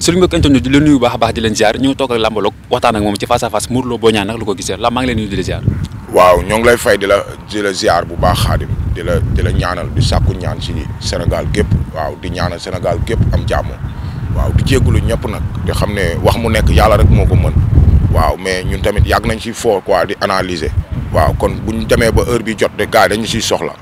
suñu mbokk internet di la nuyu baax a baax di leen ziar ñu ngi toog ak moom ci face à face Modou Lo Boy Niang nag lu ko gisee la maa ngi leen nuyu di la ziar waaw ñoo ngi lay fay di la di la ziar bu baax xaadim di la di la ñaanal di sàkku ñaan ci Sénégal gépp waaw di ñaanal Sénégal gépp am jàmm waaw di jégalu ñëpp nag di xam ne wax mu nekk yàlla rek moo ko mën waaw mais ñun tamit yàgg nañ ci fort quoi di analyser waaw kon bu ñu demee ba heure bi jot de gars yi dañu ciy soxla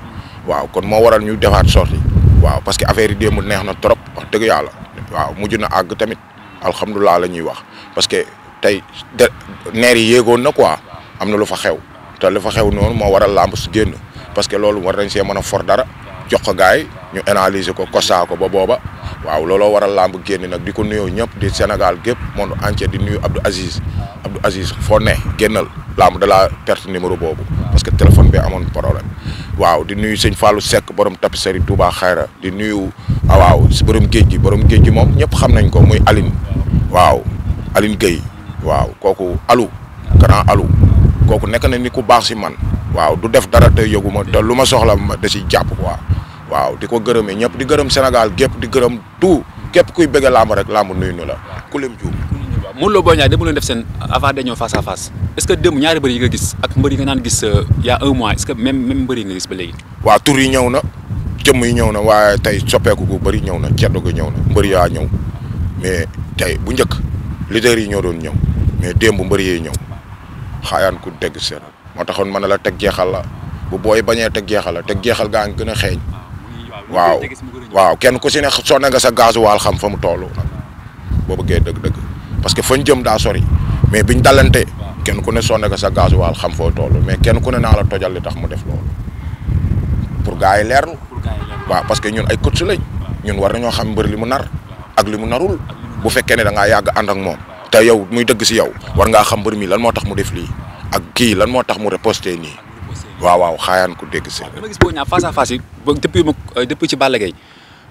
waaw kon moo waral ñu defaat sorti waaw parce que affaire yi démb neex na trop wax yàlla waaw mujj na àgg tamit alhamdulilah la ñuy wax parce que tey de neer yi na quoi am na lu fa xew te lu fa xew noonu moo waral làmb su génn parce que loolu war nañ see mën a for dara. jox ko gars ñu analyser ko kosaa ko ba booba waaw looloo waral làmb génn nag di ko nuyoo ñëpp di Sénégal gépp monde entier di nuyu Abdou Aziz Abdou Aziz foo ne génnal làmb da laa perte numéro boobu parce que téléphone bi amoon problème waaw di nuyu sëñ Fallou Seck borom tapisserie Touba Xayra di nuyu ah waaw si borom géej gi borom géej gi moom ñëpp xam nañ ko muy alin waaw Aline Gueye waaw kooku Alou grand Alou kooku nekk na ni ku baax si man waaw du def dara te yëguma te lu ma soxla ma da si jàpp quoi waaw di ko gërëmee ñëpp di gërëm Sénégal gépp di gërëm tout képp kuy bëgg làmb rek lamb nuyu nu la ku lim juum Modou Lô Boy Niang dama leen def seen avant dañoo face à face est-ce que démb ñaari mbër yi nga gis ak mbër yi nga naan gis euh, y même même mbër yi nga ba léegi waa tur yi ñëw na jëmm yi ñëw na waaye tey soppeeku gu bëri ñëw na ceddo ga ñëw na mbër yaa ñëw mais tey bu njëkk leader yi ñoo doon ñëw mais démb mbëri yee ñëw xaayaan ku moo taxoon mën a la teg jeexal la bu bañee teg jeexal la teg jeexal gaa ngi gën a xeeñ ah, waaw waaw kenn ku si ne sonne nga sa gasoil xam fa mu toll boo bëggee dëgg-dëgg parce que fañ jëm daa sori mais biñ dalante kenn ku ne sonne nga sa gasoil xam foo toll mais kenn ku ne naa la tojal li tax mu def loolu pour gars yi leerlu waaw parce que ñun ay coach lañ ñun war nañoo xam mbër li mu nar ak li mu narul bu fekkee ne da ngaa yàgg ànd ak moom te yow muy dëgg si yow war ngaa xam mbër mi lan moo tax mu def lii ak kii lan moo tax mu riposté nii. waaw waaw xaayaan ku dégg si. waaw dama gis boo ñaax face à face yi ba depuis ma euh, depuis ci Balla Gaye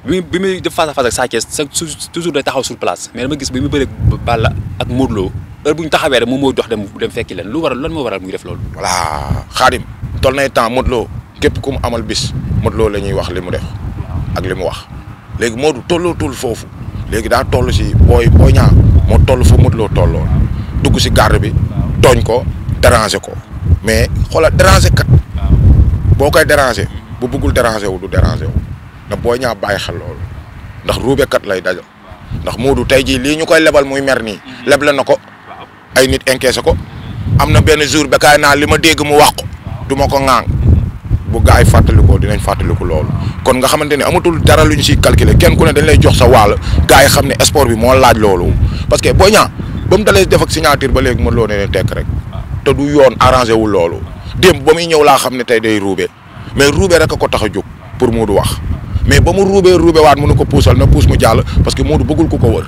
bi bi muy def face à face ak Sa Thiès toujours day taxaw sur place mais dama gis bi mu bëre Balla ak Modou Lo heure bu taxawee rek moom moo dox dem dem fekki leen lu waral lan moo waral muy def loolu. voilà Xaadim tol nay temps Modou Lo képp ku mu amal bis Modou Lo la ñuy wax li mu def ak li mu wax léegi moo Modou tollootul foofu léegi daa toll si ooy booy ñaa moo toll fa Modou Lo tolloo dugg si garde bi tooñ ko. déranger ko mais xoolal déranger kat. boo koy déranger. bu bëggul déranger wu du déranger wu ndax booy ñaa bàyyi xel loolu ndax ruubekat lay dajal ndax Moodu tey jii lii ñu koy lebal muy mer nii. leble na ko ay nit encaissé ko am na benn jour ba kaay naa li ma dégg mu wax ko du ma ko ŋaang bu gaa yi fàttalikoo dinañ fàttaliku loolu kon nga xamante ne amatul dara lu ñu siy calculer kenn ku ne dañ lay jox sa wàll gaa xam ne sport bi moo laaj loolu parce que boo ñaa ba mu dalee def ak signature ba léegi mën loo ne leen rek. te du yoon arrangé loolu démb ba muy ñëw laa xam ne tey day ruube mais ruube rek a ko tax a jóg pour Modou wax mais ba mu ruubee ruube waat mu mënu ko puusal na puus mu jàll parce que Modou bëggul ku ko wër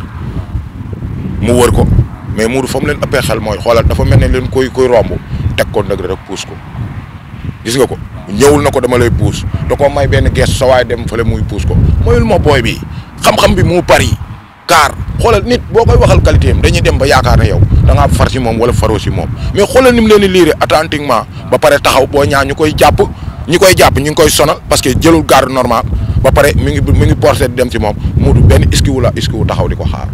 mu wër ko mais Modou fa mu leen ëppee xel mooy xoolal dafa mel ne leen koy koy romb teg ko ndëgg rek puus ko gis nga ko ñëwul na ko dama lay puus da koo may benn gees sa waay dem fële muy puus ko mayul moo booy bi xam-xam bi mu bari kaar xoolal nit boo koy waxal qualité am dañuy dem ba yaakaar ne yow da ngaa far si moom wala faroo si moom mais xoolal ni mu leen di liire attentivement ba pare taxaw boo ñaa ñu koy jàpp ñi koy jàpp ñu ngi koy sonal parce que jëlul garde normal ba pare mi ngi mi ngi porté dem si moom mu du benn iskiwu la iskiwu taxaw di ko xaar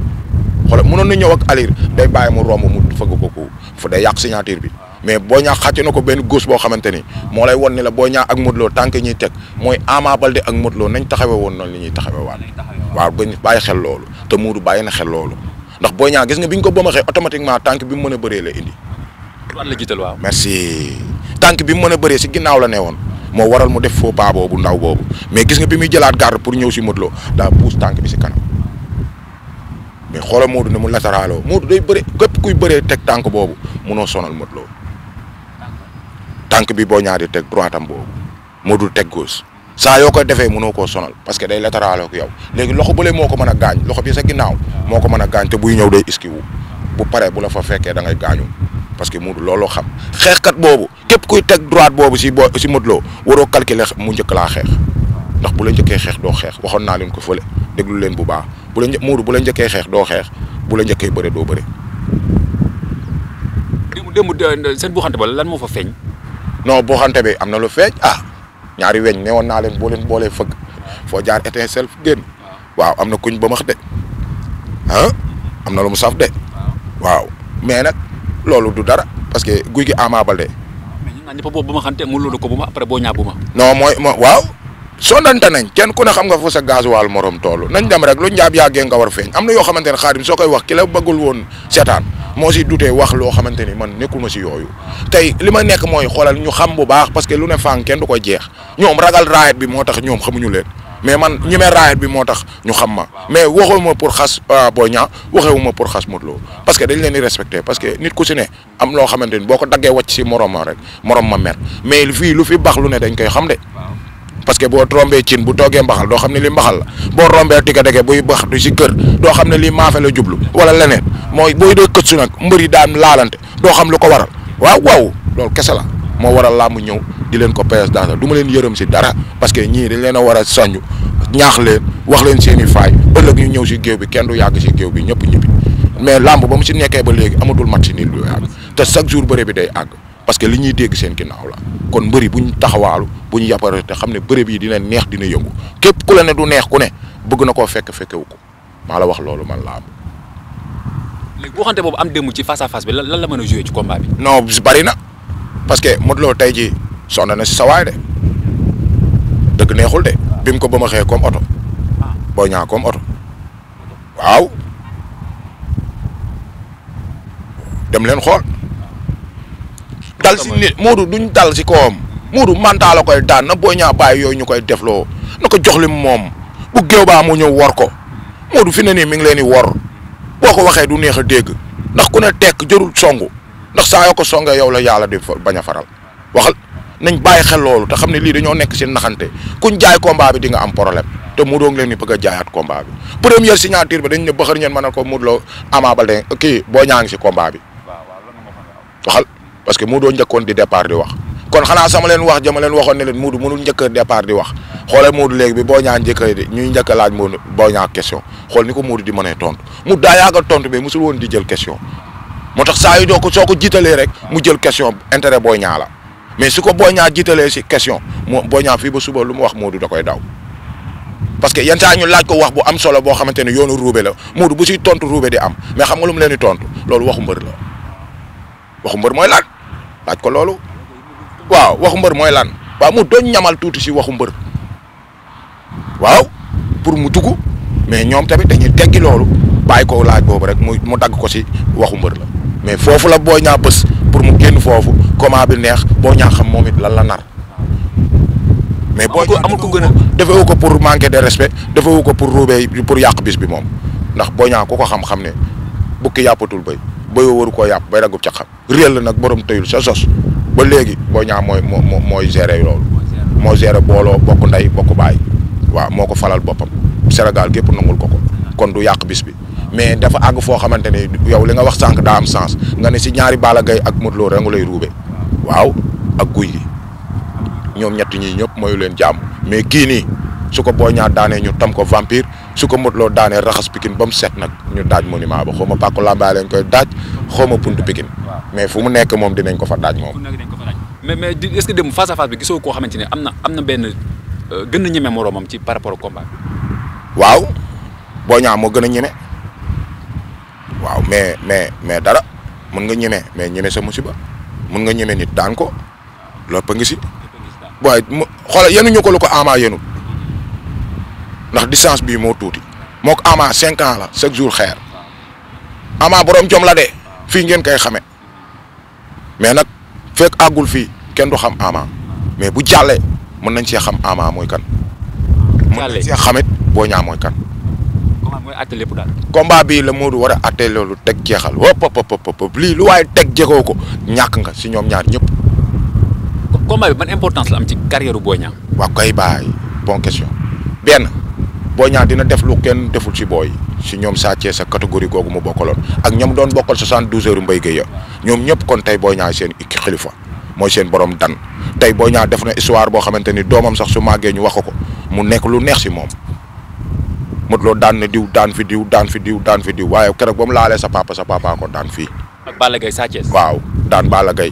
xoolal mënoon na ñëw ak alir day bàyyi mu romb mu fëgg ko fu day yàq signature bi. mais boo ñaa xàcc na ko benn góos boo xamante ni moo lay won ni la boo Niang ak Modou Lo tànk ñuy teg mooy Ama Baldé ak motloo nañ taxawe woon noonu li ñuy taxawe waat waaw bañ bàyyi xel loolu te Modou bàyyi na xel loolu ndax boo ñaa gis nga bi ñu ko bëmaxee automatiquement tànk bi mu mën a bëree la indi la jiital waaw merci tànk bi mu mën a bëree si ginnaaw la ne woon moo waral mu def faux pas boobu ndaw boobu mais gis nga bi muy jëlaat garde pour ñëw si Modou Lo daa puus tànk bi si kanam mais xoolal Modou ne mu lataraaloo Modou day bëre képp kuy bëree teg tànk boobu munoo sonal Modou tànk bi boo ñaari teg droit am boobu moo dul teg gauche saa yoo ko defee mënoo ko sonal parce que day latéral ak yow léegi loxo bële moo ko mën a gaañ loxo bi sa ginnaaw moo ko mën a gaañ te buy ñëw day iski wu bu paree bu la fa fekkee da ngay gaañu parce que Modou looloo xam xeexkat boobu képp kuy teg droite boobu si bo si Modou Lo waroo calculer mu njëkk laa xeex ndax bu la jëkkee xeex doo xeex waxoon naa leen ko fële déglu leen bu baax bu la Modou bu la njëkkee xeex doo xeex bu la njëkkee bëre doo bëre. démb démb euh, seen buuxante ba lan moo fa feeñ. non boo xamante bi am na lu feej ah ñaari weeñ ne woon naa leen boo leen boolee fëgg foo jaar étincelle génn waaw am na kuñ ba max de ah am na lu mu saf de waaw mais nag loolu du dara parce que guy gi Ama Baldé. mais ñun ñëpp mu loolu ko bu ma après boo ñaabu ma. mooy ma waaw. sonante nañ kenn ku ne xam nga fu sa gasoil morom toll nañ dem rek lu njaab yàggee nga war feeñ am na yoo xamante ne xaadim soo koy wax ki la bëggul woon seetaan moo si dutee wax loo xamante ni man nekkuma si yooyu tey li ma nekk mooy xoolal ñu xam bu baax parce que lu ne fang kenn du ko jeex ñoom ragal raayet bi moo tax ñoom xamuñu leen mais man ñi may bi moo tax ñu xam ma mais waxewuma pour xas euh, Boy Niang waxewuma pour xas Modou Lo parce que dañ leen di respecté parce que nit ku si ne am loo xamante ni ko daggee wàcc si morom ma rek morom mais fii lu fi baax lu ne dañ koy xam de parce que boo rombee cin bu toogee mbaxal doo xam ne li mbaxal la boo rombee tika deke buy bax du si kër doo xam ne lii maafe la jublu wala leneen mooy booy dee kët nag mbër yi daan laalante doo xam lu ko waral waaw waaw loolu kese la moo waral làmb ñëw di leen ko pees daasa du ma leen yërëm si dara parce que ñii dañ leen a war a soññ ñaax leen wax leen seen i faay ëllëg ñu ñëw si géew bi kenn du yàgg si géew bi ñëpp ñibbi mais làmb ba mu si nekkee ba léegi amatul match si nii lu yàgg te chaque day àgg parce que li ñuy dégg seen ki naaw la kon mbëri bu ñu taxawaalu bu ñu yàppare te xam ne bëri bii dina neex dina yëngu képp ku la ne du neex ku ne bëgg na koo fekk fekkewu ko maa la wax loolu man la am. léegi boo boobu am démb ci face à bi lan la mën a joué ci combat bi. non bari na parce que Modou Lo tey jii sonn na si sa de dëgg neexul de bi ko ba ma xëyee comme oto booy ñaa comme oto waaw dem leen xool. dal si nit Modou duñ dal si kawam Modou mental la koy daan na Boy ñaa bàyyi yooyu ñu koy defloo na ko jox lim moom bu géew baa mu ñëw wor ko Modou fi ne nii mi ngi leen di wor boo ko waxee du neex a dégg ndax ku ne tekk jërul songu ndax saa yoo ko songee yow la yàlla di bañ a faral waxal nañ bàyyi xel loolu te xam ne lii dañoo nekk seen naxante kuñ jaay combat bi di nga am problème te Modou ngi leen di bëgg a jaayaat combat bi première signature bi dañ ne bëxër ñeen mën a ko Modou Lo Ama Baldé kii Boy Niang parce que Modou njëkkoon di départ di wax kon xanaa sama leen wax jama leen waxoon leen Modou mënul njëkk départ di wax xoolal Modou léegi bi boo ñaa njëkk di ñuy njëkk laaj Modou boo ñaa question xool ni ko Modou di mënee tontu mu daa yaagal tontu bi musul woon di jël question moo tax saa yu doo ko soo ko jiitalee rek mu jël question intérêt boo ñaa la mais su ko boo ñaa jiitalee si question moo boo ñaa fii ba suba lu mu wax Modou da koy daw parce que yenn saa ñu laaj ko wax bu am solo boo xamante ne yoonu ruube la Modou bu siy tontu ruube di am xam nga lu mu leen di tontu loolu waxu mbër la waxu mbër mooy laaj laaj ko loolu waaw waxu mbër mooy lan waa mu doon ñamal tuuti si waxu mbër waaw pour mu dugg mais ñoom tamit dañuy teggi loolu bàyyi ko laaj boobu rek muy mu dagg ko si waxu mbër la mais foofu la boo ñaa bës pour mu génn foofu comment bi neex boo ñaa xam moom it lan la nar mais boo amul ko gën a ko pour manquer de respect defewu ko pour roubé pour yàq bis bi moom ndax boo ñaa ku ko xam-xam ne bukki yàppatul bay booy waru koo yàpp bay raggub ca xam réel la nag borom tëyul sa sos ba léegi boo ñaa mooy moo mooy gérer loolu moo gérer booloo bokk ndey bokk baay waaw moo ko falal boppam Sénégal gépp nangul ko ko kon du yàq bis bi mais dafa àgg foo xamante ni yow li nga wax sànq daa am sens nga ne si ñaari bala gay ak Modou Lo rengu lay ruube waaw ak guy gi ñoom ñett ñii ñëpp mayu leen jàmm mais kii nii su ko boo ñaar daanee ñu tam ko vampire su ko Modou Lo daanee raxas Pikine ba mu set nag ñu daaj monument ba xaw ma Pàccu Lambaay lañ koy daaj xaw ma Puntu mais fu mu nekk moom dinañ ko fa daaj moom. mais mais est-ce que dem face à face bi gisoo koo am na am na benn euh, gën a ñeme moroomam ci par rapport au combat bi. waaw boo ñaa moo gën a ñeme waaw mais mais mais dara mën nga ñeme mais ñeme sa musiba mën nga ñeme nit daan ko lépp a ngi si. waaye mu xoolal yenuñu ko lu ko Ama yenul ndax distance bii moo tuuti mook Ama cinq ans la chaque jour xeer Ama borom jom la de fii ngeen koy xame mais nag fekk àggul fi kenn du xam Ama mais bu jàllee mën nañ see xam Ama mooy kan. mën nañ see xamit boo ñaa mooy kan. combat mooy àtte lépp daal. combat bii la Modou war a àtte lu teg jeexal wop wop lu waaye teg jegoo ko ñàkk nga si ñoom ñaar ñëpp. combat bi ban importance la am ci carrière Boy Niang. waaw baay bon question benn. Boy ñaar dina def lu kenn deful si booy si ñoom Sa Thiès sa catégorie googu mu bokkaloon ak ñoom doon bokkal 72 heures Mbaye Guèye ñoom ñëpp kon tey Boy Niang seen ikk xilifa mooy seen borom dan tey Boy Niang def na histoire boo xamante ni doomam sax su màggee ñu wax ko mu nekk lu neex si moom Modou loo daan na diw daan fi diw daan fi diw daan fi diw waaye keroog ba mu laalee sa papa sa papa ko daan fii. ak Balla Gaye Sa waaw daan baala gay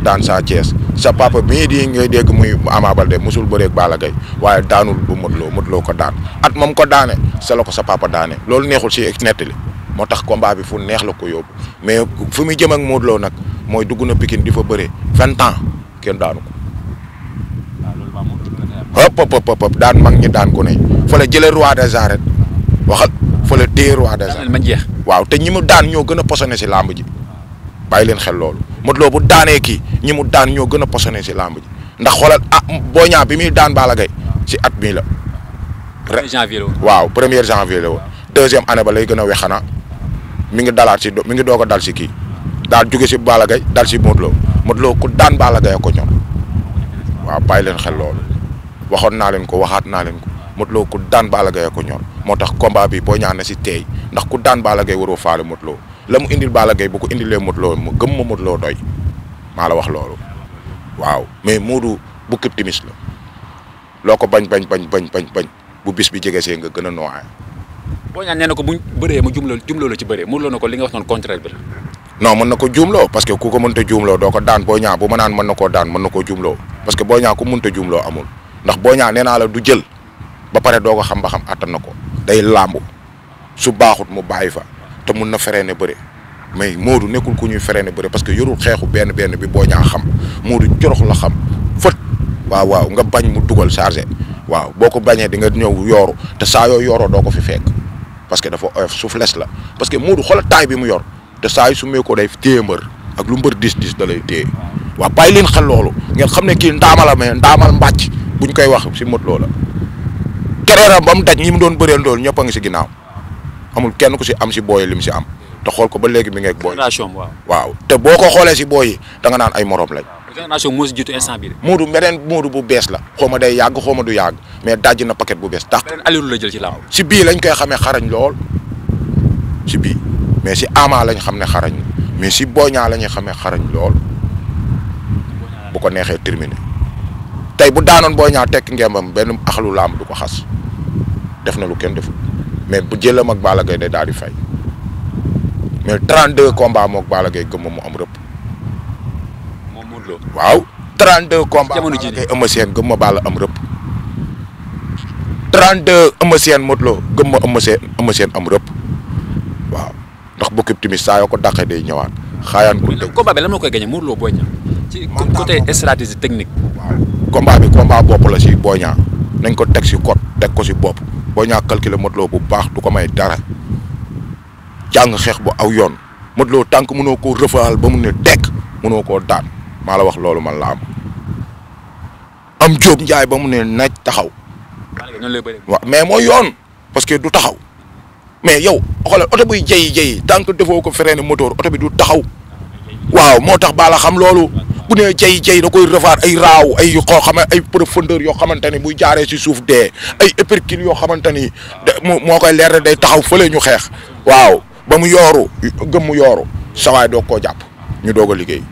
daan Sa Thiès sa papa bii di ngay dégg muy Ama de mosul bëreeg Balla Gaye waaye daanul bu Modou Lo ko daan at moom ko daane sa ko sa papa daane loolu neexul si nettali moo tax combat bi fu neex la ko yóbbu mais fu muy jëm ak Modou nag mooy dugg na pikin di fa bëree vingt ans kenn daanu ko. hop hop daan mag ñi daan ko ne fa la jëlee roi des arènes waxal fa la téye roi des arènes. ma jeex waaw te ñi mu daan ñoo gën a posone si làmb ji bàyyi leen xel loolu. Modou Lo bu daanee kii ñi mu daan ñoo gën a posone si làmb ji ndax xoolal a ah, Boy Niang bi muy daan Balla Gaye si at mii la. janvier waaw première janvier la woon deuxième année ba lay gën a wexana mi ngi dalaat si mi ngi doog a dal si kii daal jóge si baala Gaye dal si Modou Lo Modou Lo ku daan Balla Gaye ko ñor waaw bàyyi leen xel loolu waxoon naa leen ko waxaat naa leen ko Modou ku daan gay Gaye ko ñor moo tax combat bi Boy Niang na si teey ndax ku daan baala gay waroo faale Modou la mu indil baala Gaye bu ko indilee Modou Lo ma gëm ma doy maa la wax loolu waaw mais Modou bukki timis la loo ko bañ bañ bañ bañ bañ bañ bu bis bi jege see nga gën a noyyi. boo ñaan nee na ko buñ bëree mu jumloo jumloo la ci bëree Modou Lo na ko li nga wax noonu contraire bi la. non mën na ku ko mënta juumloo doo ko daan boo ñaa bu naan mën na koo mën na koo que boo ñaa ku mënta juumloo amul ndax boo ñaa nee du jël ba pare doo ko xam ba xam attan na ko day làmbu su baaxut mu bàyyi fa te mun na feree ne bëre mais Modou nekkul ku ñuy ne bëre parce que yorul xeexu benn benn bi boo ñaa xam Modou corox la xam fët waaw waaw nga bañ mu dugal chargé waaw boo ko bañee di nga ñëw yooru te saa yoo yooroo doo ko fi fekk parce que dafa oyof suuf les la parce que Modou xoolal taay bi mu yor te saa yu su mee ko day téye mbër ak lu mbër dis dis da lay téye waaw bàyyi leen xel loolu ngeen xam ne kii ndaama la mais ndaamal mbàcc buñ koy wax si mot loola kereeram ba mu daj mu doon bëreel loolu ñëpp a ngi si ginnaaw amul kenn ku si am si booy lim si am te xool ko ba léegi mi ngeeg booy waaw te boo ko xoolee si booy yi danga naan ay morom lañ génération moo si jiitu bi de. Moodu beneen bu bees la. xaw ma day yàgg xaw ma du yàgg mais dajji na paquet bu bees tax. beneen Aliou la jël ci laaw. si bii lañ koy xamee xarañ lool si bii mais si Ama lañ xam ne xarañ mais si Boña la ñuy xamee xarañ lool bu ko neexee terminé tey bu daanoon Boña tekk ngembam benn axalu laam du ko xas def na lu kenn deful. mais bu jëlam ak Balla Gaye day daal di fay mais 32 combats moog Balla Gaye gëm mu am rëpp. moom Modou waaw. 32 combats jamono jii nii Eumeu Sène am rëpp. 32 Eumeu Sène Modou Lo gëm am rëpp waaw ndax bu képp tamit saa yoo ko dàqee day ñëwaat xaayaan. bu dëgg combat bi moo koy gagné Modou technique. waaw combat bi bopp la si Boy nañ ko teg si code teg ko si bopp. boo ñaa calculer Modou bu baax du ko may dara jàng xeex bu aw yoon Modou Lo tànk mënoo koo rëfaal ba mu ne tekk mënoo koo daan maa la wax loolu man la am am Jóob Njaay ba mu ne naaj taxaw waaw mais moo yoon parce que du taxaw mais yow xoolal oto buy jeyi jeyi tànk defoo ko frein moteur oto bi du taxaw waaw moo tax baa la xam loolu bu nee jey jey da koy refaar ay raaw ay xoo xam ay profondeur yoo xamante ni buy jaaree si suuf dee ay épercule yoo xamante ni moo koy leer day taxaw fële ñu xeex waaw ba mu yooru gëm mu yooru sawaay doog koo jàpp ñu doog a liggéey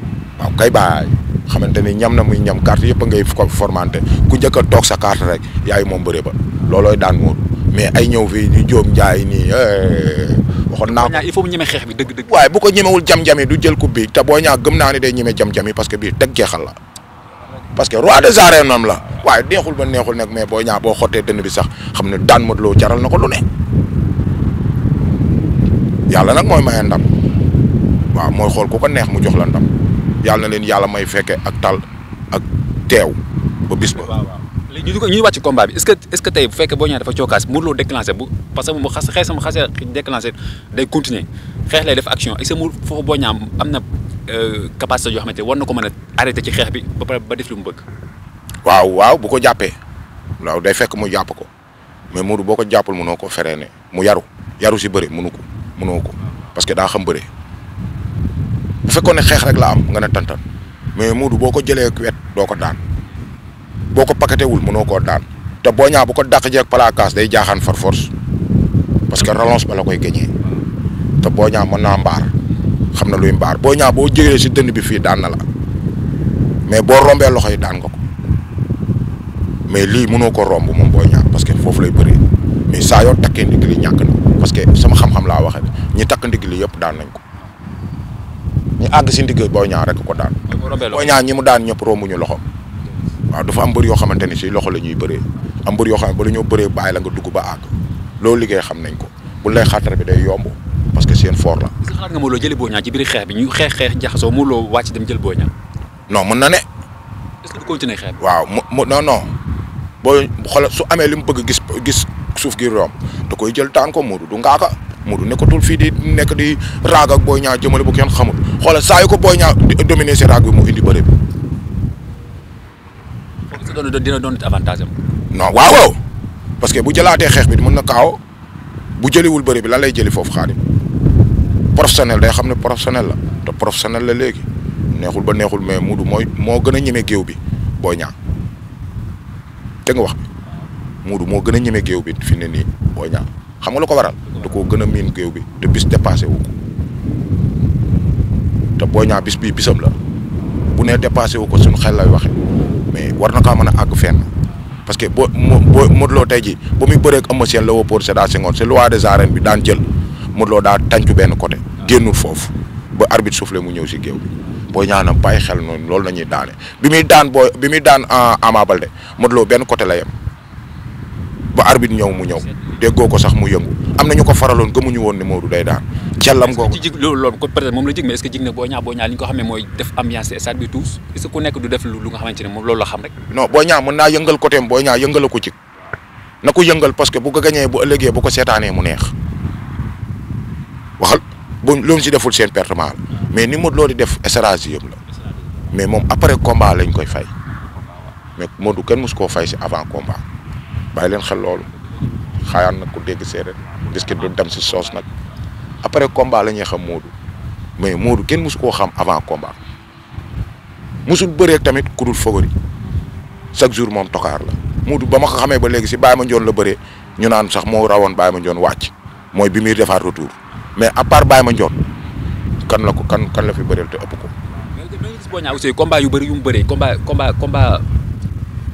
waaw kay baay xamante ni ñam na muy ñam carte yëpp a ngay formanté ku njëkk toog sa carte rek yaay moom bëre ba loolooy daan moom mais ay ñëw fii ñu jóom njaay nii eh, waxoon naa ko il faut mu ñeme xeex bi dëgg dëgg. waaye bu ko ñemewul jam-jam yi du jël coupe bi te boo ñaa gëm naa ne day ñeme jam jami yi parce que bii teg jeexal la parce que roi des arènes am la waaye neexul ba neexul nag mais boo ñaa boo xottee dënn bi sax xam ne daan Modou Lo jaral na ko lu ne yàlla nag mooy maye ndam waaw mooy xool ku ko neex mu jox la ndam yàlla na leen yàlla may fekke ak tal ak teew ba bis ba ñu ko ñu wàcc combat bi est-ce que est-ce que tey bu fekkee Boy Niang dafa cookaas Modou Lô bu parce que mu xas xeex sama day continuer xeex lay def action est-ce que mu foofu Boy Niang am na euh, capacité yoo xamante ne war na ko mën a arrêté ci xeex bi ba pare ba def lu mu bëgg. waaw waaw bu ko jàppee waaw day fekk mu jàpp ko mais Modou boo ko jàppul mënoo ko ne mu yaru yaru si bëri mënu ko mënoo ko parce que daa xam bëri bu fekkoon ne xeex rek la am nga ne tantan mais Modou boo ko jëlee wet doo ko daan. boo ko pakatewul mënoo koo daan te boo ñaa bu ko dàq jeeg palaakaas day jaaxaan far force parce que relance ba la koy gañee te boo ñaa mën naa mbaar xam na luy mbaar boo ñaa boo jégee si dënn bi fii daan na mais boo rombee loxo yi daan ko mais lii mënoo ko romb moom boo ñaa parce que foofu lay bëree mais saa yoo takkee ndigg ñàkk parce que sama xam-xam laa waxee ñi takk ndigg li yëpp daan nañ ko ñu àgg si ndigg boo ñaa rek ko daan boo ñaa ñi mu daan ñëpp rombuñu loxo waaw dafa am mbër yoo xamante ni si loxo la ñuy bëree am mbër yoo xam ne ba la ñoo bëree bàyyi la nga dugg ba àgg loolu liggéey xam nañ ko bu lay xatar bi day yomb parce que seen fort la. est-ce que xalaat nga Modou Lo jëli Boy Niang xeex bi ñu xeex xeex jaxasoo Modou Lo wàcc dem jël Boy Niang. non na ne. est-ce que du continuer xeex bi. waaw mu non booy xoolal su amee li mu bëgg gis gis suuf gi romb da koy jël tànk ko Modou du ngaaka Modou nekkatul fii di nekk di raag ak Boy Niang jëmale bu kenn xamul xoolal saa yu ko Boy Niang dominé si raag bi mu indi bëre bi que doon dina doon avantage am. non waaw waaw parce que bu jëlaatee xeex bi mën na kaaw bu jëliwul bari bi lan lay jëli foofu xaadim professionnel day xam ne professionnel la te professionnel la léegi neexul ba neexul mais Modou mooy moo gën a ñeme géew bi Boy Niang te nga wax bi moo gën a ñeme géew bi fi ne nii Boy Niang xam nga lu ko waral da koo gën a miin géew bi te bis dépassé wu ko te boo Niang bis bii bisam la bu nee dépassé wu ko suñu xel lay waxe war na kaa mën a àgg fenn parce que boo boo Modou Lo tey ji ba muy bëreeg Eumeu Sène la woo pour Sédar Senghor c'est loi des arènes bi daan jël Modou Lo daa tàncu benn côté génnul foofu ba arbitre soufflé mu ñëw si géew bi booy ñaanam bàyyi xel noonu loolu la ñuy daane bi muy daan booy bi muy daan ah, Ama Baldé Modou Lo benn côté la yem ba arbitre ñëw mu ñëw déggoo ko sax mu yëngu am na ñu ko faraloon gëmuñu woon ne Modou day daan. callam googu ci jig loolu loolu peut-être moom la jig mais est-ce que jig na Boy Niang ku nekk def lu ne moom loolu la xam rek. non Boy Niang mën naa yëngal côté am ko jig ko yëngal parce que bu ko gañee bu ëllëgee bu ko seetaanee mu neex waxal deful seen pertement mais ni Modou Lo di def stratégie yëpp la mais moom après combat lañ koy fay mais Modou kenn mosu koo fay si avant combat. bàyyi leen xel loolu xaayaan nag ku dégg séeréer Biscuit du dem si soos nag après combat la ñuy xam Modou mais Modou kenn mosu koo xam avant combat musul bëree tamit ku dul fogori chaque jour moom tokaar la Modou ba ma xamee ba léegi si ma Mandione la bëree ñu naan sax moo rawoon baay Baye Mandione wàcc mooy bi muy defaat retour mais à part ma Mandione kan la ko kan kan la fi bëreel te ëpp ko. mais aussi combat yu bëri yu mu bëree combat combat combat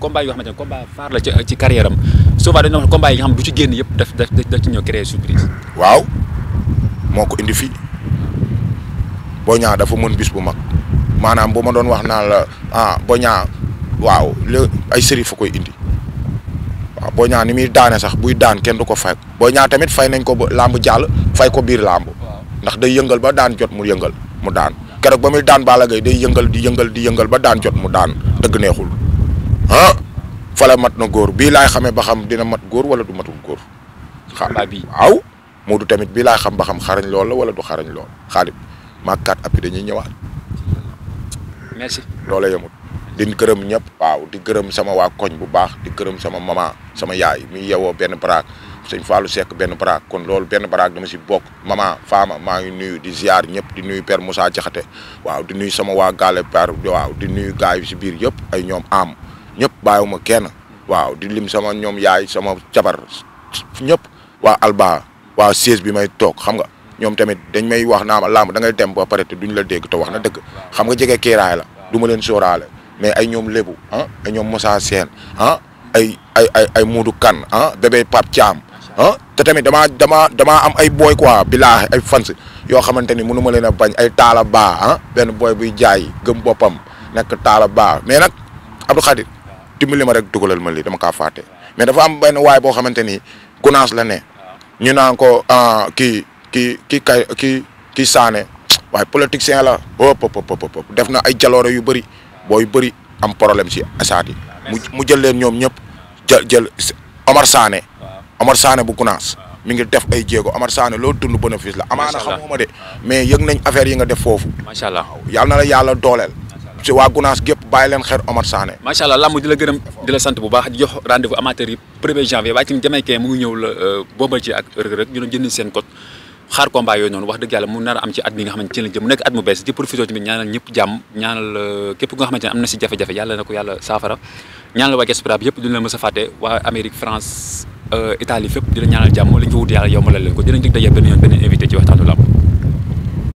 combat yoo xamante ne combat phare la ci carrière souvent dañoo wax combat xam du ci génn yëpp daf daf daf ci ñëw créer surprise. waaw moo ko indi fii Boy Niang dafa mën bis bu mag maanaam bu ma doon wax naa la ah waaw li ay série fa koy indi waaw Boy ni muy daane sax buy daan kenn du ko fay Boy Niang tamit fay nañ ko ba làmb jàll fay ko biir làmb ndax day yëngal ba daan jot mu yëngal mu daan keroog ba muy daan Balla Gaye day yëngal di yëngal di yëngal ba daan jot mu daan dëgg neexul ah! fala mat na góor bii laay xamee ba xam dina mat góor wala du matul góor. xanaa bi waaw Modou tamit bii laay xam ba xam xarañ lool la wala du xarañ lool xaalib maag kat appui dañuy ñëwaat. merci loola yemut. di gërëm ñëpp waaw di gërëm sama waa koñ bu baax di gërëm sama mama sama yaay mi yewoo benn baraak sëñ Fallou Seck benn baraak kon loolu benn baraak dama si bokk mama faama maa ngi nuyu di ziar ñëpp di nuyu père musaa Diakhaté waaw di nuyu sama waa gaale père waaw di nuyu gars yi si biir yëpp ay ñoom am ñëpp bàyyiwuma kenn waaw di lim sama ñoom yaay sama cabar ñëpp waa alba waa siège bi may toog xam nga ñoom tamit dañ may wax naa ma làmb da ngay dem ba pare te duñ la dégg te wax na dëgg xam nga jege kiiraay la duma ma leen sóoraale mais ay ñoom lébu ah ay ñoom Moussa seen ah ay ay ay ay Moodu Kan ah bébé Pape Thiam ah te tamit damaa damaa damaa am ay booy quoi bilaahi ay fans yoo xamante ni mënu leen a bañ ay taala baa ah benn booy buy jaay gëm boppam nekk taala baa mais nag Abdou dimbali ma rek dugalal ma lii dama kaa fàtte mais dafa am benn waay boo xamante ni gunaas la ne ñu naan ko ah, kii kii kii kay kii kii saane waaye politicien la hop hop hop def na ay jaloore yu bëri booy bëri am problème si asaat yi mu mu jël leen ñoom ñëpp jël jël Omar Sané Omar saane bu gunaas mu ngi def ay jéego Omar Sané loolu dund bénéfice la amaana xamuma de mais yëg nañ affaire yi nga def foofu macha allah yàlla na la dooleel si waa gunaas gépp bàyyi leen xel Omar Sané. macha allah Lamb di la gërëm di la sant bu baax jox rendez amateur yi 1 janvier waaye euh, a ci la mu nekk at ñaanal euh, képp nga xamante ne am na si jafe-jafe yàlla na ko yàlla saafara ñaanal waa diaspora bi yëpp duñu la mës a fàtte waa Amérique euh, la ñaanal jàmm li ñu ko wut yàlla yombalal leen ko invité ci waxtaanu làmb